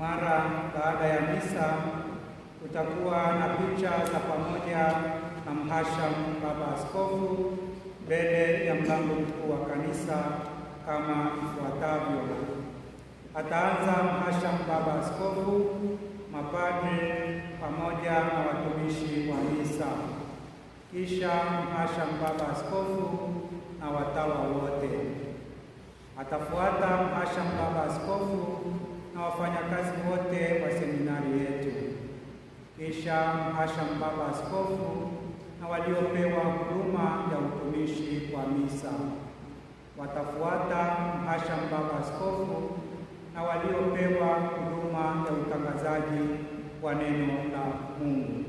Mara baada ya misa kutakuwa na picha za pamoja na mhashamu Baba Askofu mbele ya mlango mkuu wa kanisa kama ifuatavyo. Ataanza mhashamu Baba Askofu, mapadre pamoja na watumishi wa misa, kisha mhashamu Baba Askofu na watawa wote. Atafuata mhashamu Baba Askofu na wafanyakazi wote wa seminari yetu, kisha mhashamu baba askofu na waliopewa huduma ya utumishi wa misa. Watafuata mhashamu baba askofu na waliopewa huduma ya utangazaji wa neno la Mungu.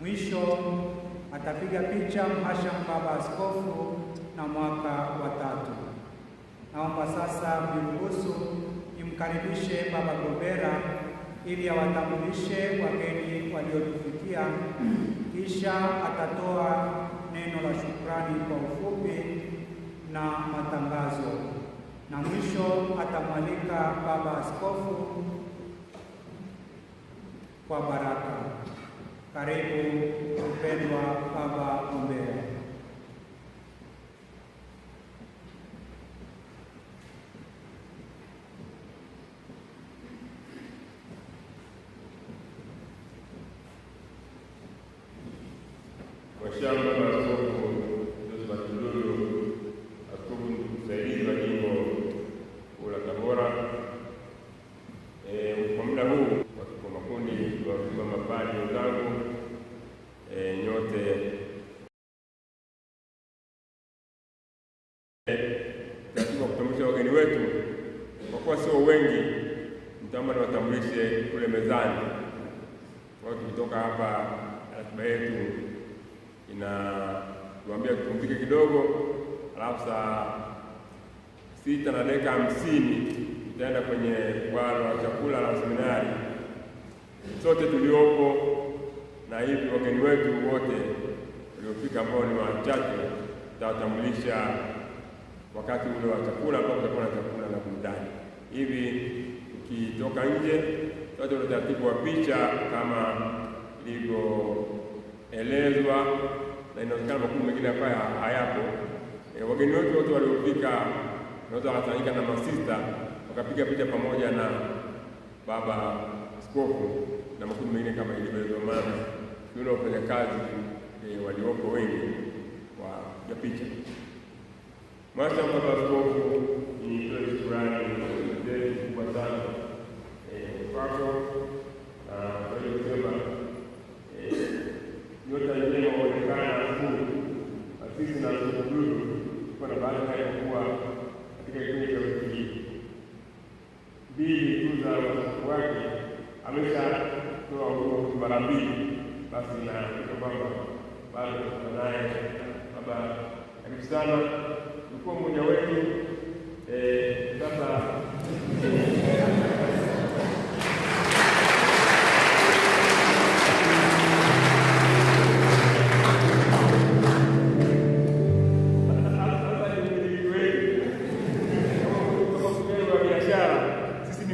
Mwisho atapiga picha mhashamu baba askofu na mwaka wa tatu. Naomba sasa mniruhusu imkaribishe Baba Gombera ili awatambulishe wageni waliotufikia, kisha atatoa neno la shukrani kwa ufupi na matangazo, na mwisho atamwalika Baba Askofu kwa baraka. Karibu mpendwa Baba Gombera. Yeah, saa sita na dakika hamsini tutaenda kwenye bwana wa chakula na seminari sote tuliopo na hivi wageni wetu wote waliofika ambao ni wachache, tutawatambulisha wakati ule wa chakula, ambao tutakuwa na chakula na burudani. Hivi ukitoka nje, sote na utaratibu wa picha kama ilivyoelezwa, na inaonekana makundi mengine ambayo hayapo E, wageni wetu wote waliofika naweza wakatanyika na masista wakapiga picha pamoja na baba skofu na makundi mengine kama ilivyomaana yule wafanya kazi e, eh, waliopo wengi wapiga picha. Mwasha baba skofu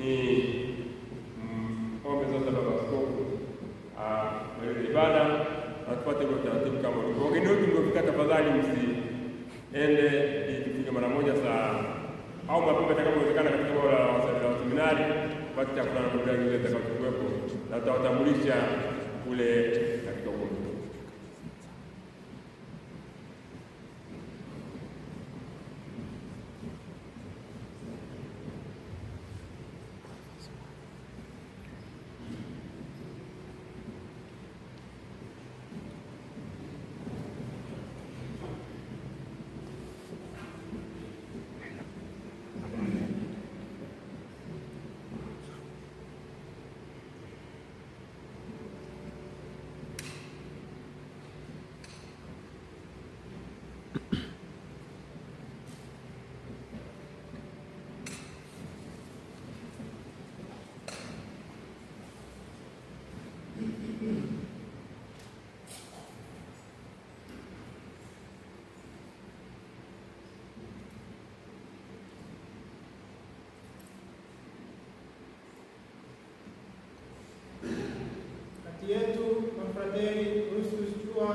ni mm, ombe sasa baba askofu ah, malize ibada na tupate kwa taratibu kama ulivyo. Wageni wetu mliofika, tafadhali msiende ikifika mara moja saa au mapema itakavyowezekana katika bao la seminari, basi chakula na burudani ile itakayokuwepo na tutawatambulisha kule katika ukumbi. yetu mafrateri Rustus Chua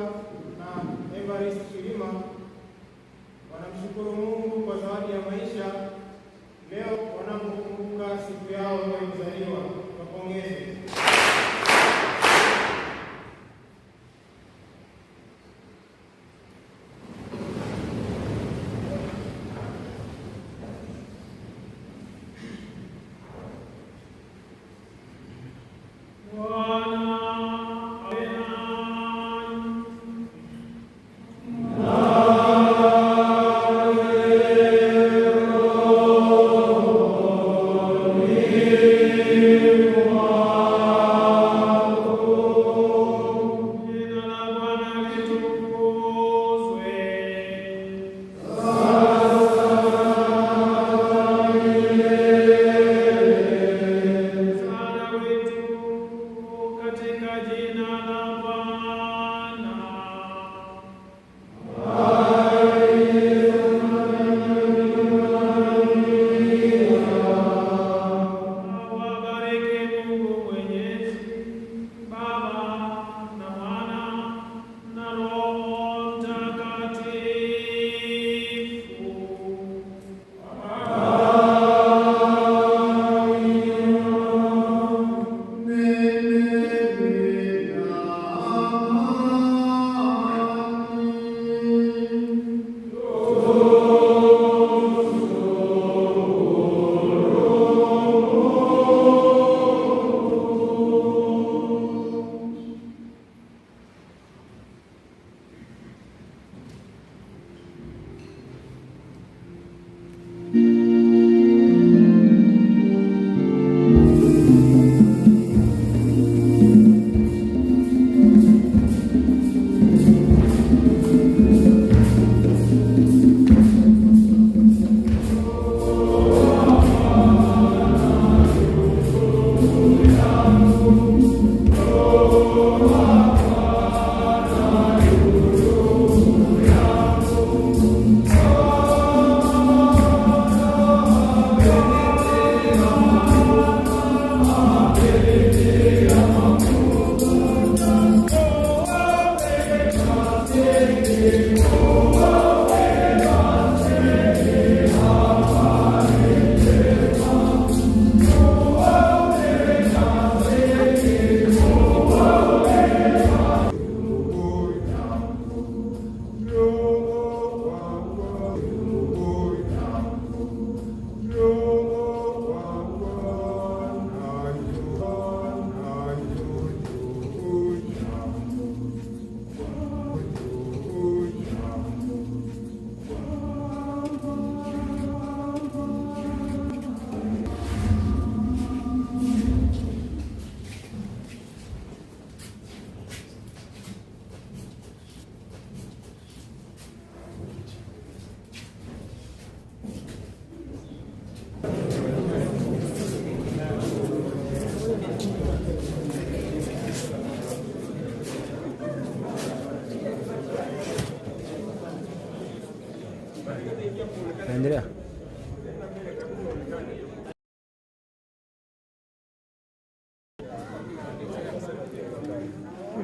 Naendelea.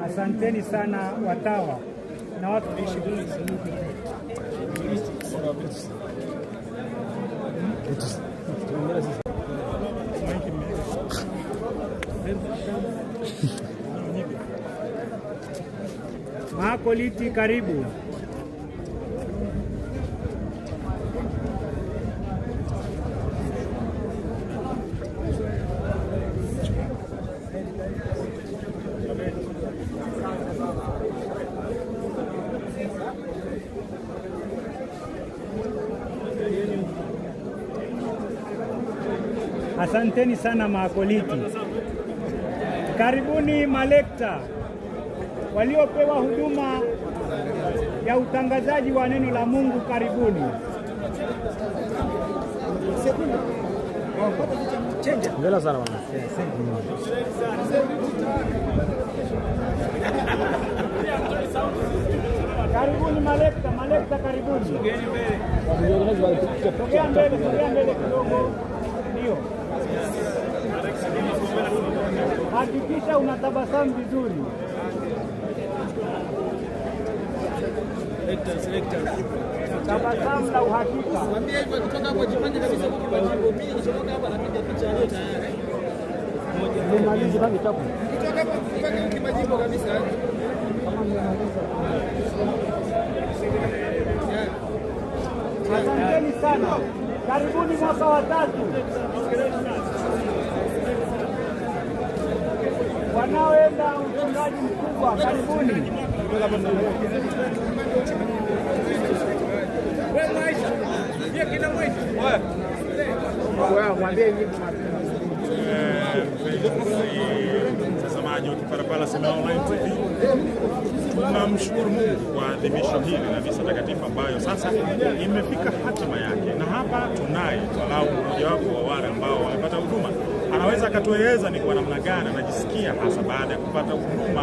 Asanteni sana watawa na watu waishi Makoliti, karibu. Asanteni sana maakoliti, karibuni malekta waliopewa huduma ya utangazaji wa neno la Mungu, karibuni. Karibuni malekta, malekta karibuni. Sogea mbele, sogea mbele kidogo. hakikisha unatabasamu vizuri. Tabasamu la uhakika. Asanteni sana, karibuni mwaka wa tatu. mtazamaji wa Kipalapala Seminari Online TV, tunamshukuru Mungu kwa adhimisho hili la misa takatifu ambayo sasa imefika hatima yake, na hapa tunaye walau mmojawapo wa wale ambao wamepata huduma anaweza akatueleza ni kwa namna gani anajisikia hasa baada ya kupata huduma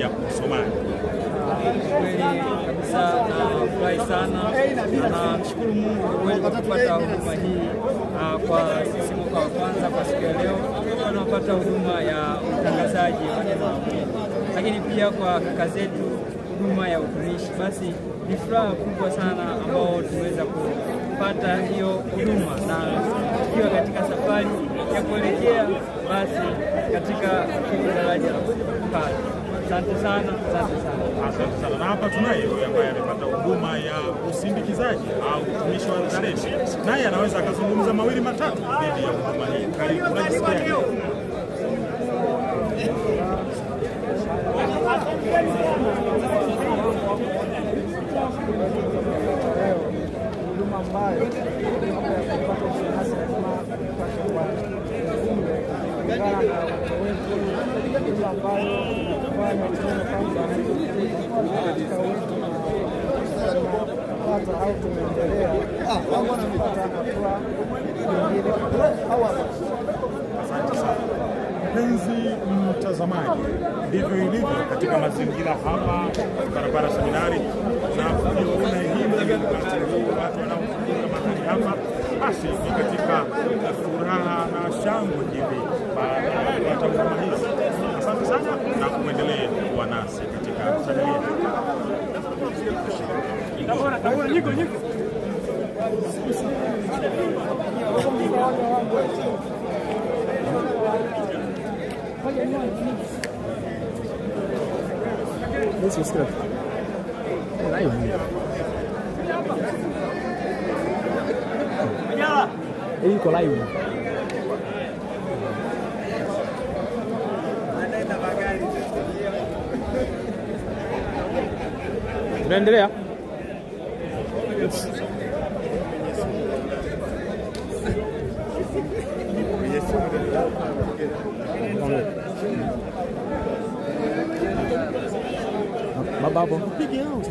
ya usomali Kweli na furahi sana na mshukuru Mungu kwa kweli kwa kupata huduma hii kwa sisi mwaka wa kwanza kwa siku ya leo tunapata huduma ya utangazaji wa neno la Mungu, lakini pia kwa kaka zetu huduma ya utumishi. Basi ni furaha kubwa sana ambao tumeweza kupata hiyo huduma na tukiwa katika safari ya kuelekea basi katika daraja pale. Asante sana, asante sana, asante sana. Na hapa tunaye huyo ambaye amepata huduma ya usindikizaji au utumishi wa zalesi, naye anaweza akazungumza mawili matatu dhidi ya huduma hii. Karibu. ambayo imefanya tuone kwamba katika au tumeendelea au hatua nyingine au asante sana. Mpenzi mtazamaji, ndivyo ilivyo katika mazingira hapa barabara Seminari, na kujiona hivi watu wanaofunga mahali hapa, basi ni katika furaha na shangwe. na kuendelee kuwa nasi katika Iko live. Andrea. Ma babo. Thank you.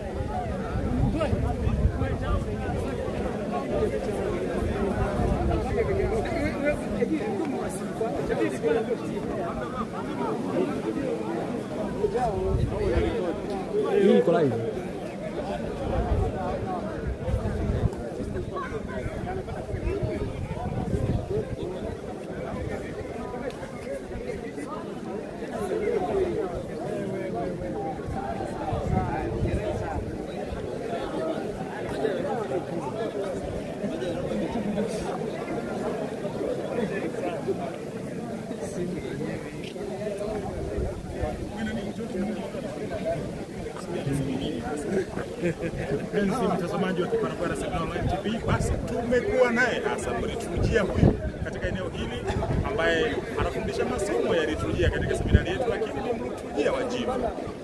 いい子ライブ mtazamaji wa Kiparapara Sygnum TV, basi tumekuwa naye hasa liturujia huyu katika eneo hili ambaye anafundisha masomo ya liturujia katika seminari yetu, lakini ni mliturujia wa jimbo,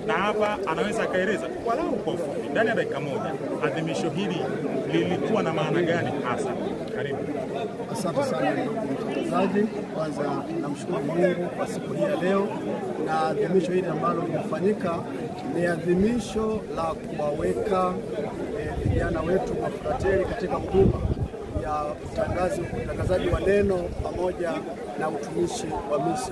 na hapa anaweza akaeleza walau kwa ufupi ndani ya dakika moja adhimisho hili lilikuwa na maana gani hasa. Karibu. Asante sana mtangazaji. Kwanza namshukuru Mungu kwa siku hii ya leo na adhimisho hili ambalo limefanyika ni adhimisho la kuwaweka vijana wetu wa katika huduma ya utangazi, utangazaji wa neno pamoja na utumishi wa misa.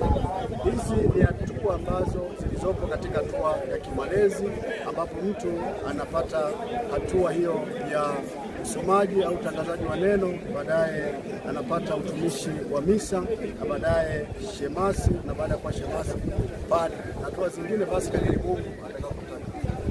Hizi ni hatua ambazo zilizopo katika hatua ya kimalezi, ambapo mtu anapata hatua hiyo ya usomaji au utangazaji wa neno, baadaye anapata utumishi wa misa na baadaye shemasi, na baada ya kuwa shemasi, baada hatua zingine basi kadiri Mungu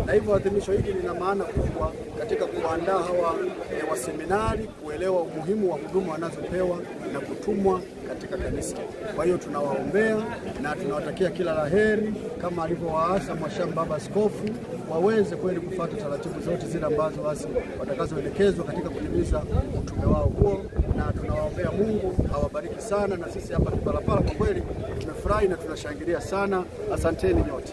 na hivyo adhimisho hili lina maana kubwa katika kuandaa hawa e, eh, waseminari kuelewa umuhimu wa huduma wanazopewa na kutumwa katika kanisa. Kwa hiyo tunawaombea na tunawatakia kila laheri, kama alivyowaasa mwashamu baba askofu, waweze kweli kufuata taratibu zote zile ambazo basi watakazoelekezwa katika kutimiza utume wao huo, na tunawaombea Mungu awabariki sana. Na sisi hapa Kipalapala kwa kweli tumefurahi na tunashangilia sana. Asanteni nyote.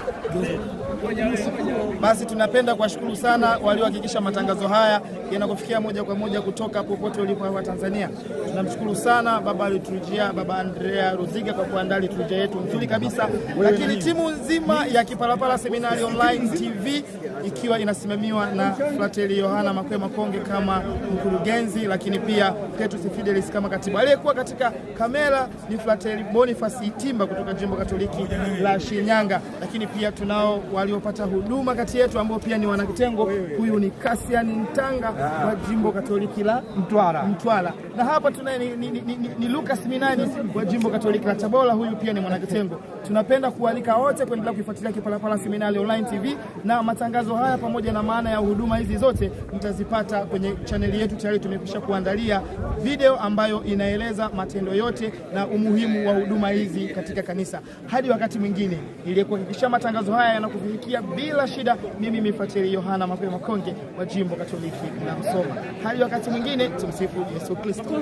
Basi tunapenda kuwashukuru sana waliohakikisha matangazo haya yanakufikia moja kwa moja kutoka popote ulipo hapa Tanzania. Tunamshukuru sana baba liturujia, baba Andrea Ruziga kwa kuandaa liturujia yetu nzuri kabisa, lakini timu nzima ya Kipalapala Seminari Online TV ikiwa inasimamiwa na Frateli Yohana Makwe Makonge kama mkurugenzi, lakini pia Petrus Fidelis kama katibu. Aliyekuwa katika kamera ni Frateli Boniface Itimba kutoka Jimbo Katoliki la Shinyanga, lakini pia tunao waliopata huduma kati yetu ambao pia ni wanakitengo. Huyu ni Kasian Ntanga wa Jimbo Katoliki la Mtwara, Mtwara. Na hapa tunaye ni, ni, ni, ni, ni Lucas Minani wa Jimbo Katoliki la Tabora, huyu pia ni mwanakitengo. Tunapenda kualika wote kuendelea kuifuatilia Kipalapala Seminari Online TV na matangazo maelezo haya pamoja na maana ya huduma hizi zote mtazipata kwenye chaneli yetu. Tayari tumekwisha kuandalia video ambayo inaeleza matendo yote na umuhimu wa huduma hizi katika kanisa. Hadi wakati mwingine, ili kuhakikisha matangazo haya yanakufikia bila shida, mimi mifateli Yohana Mapema Konge wa Jimbo Katoliki na Msoma. Hadi wakati mwingine, tumsifu Yesu Kristo.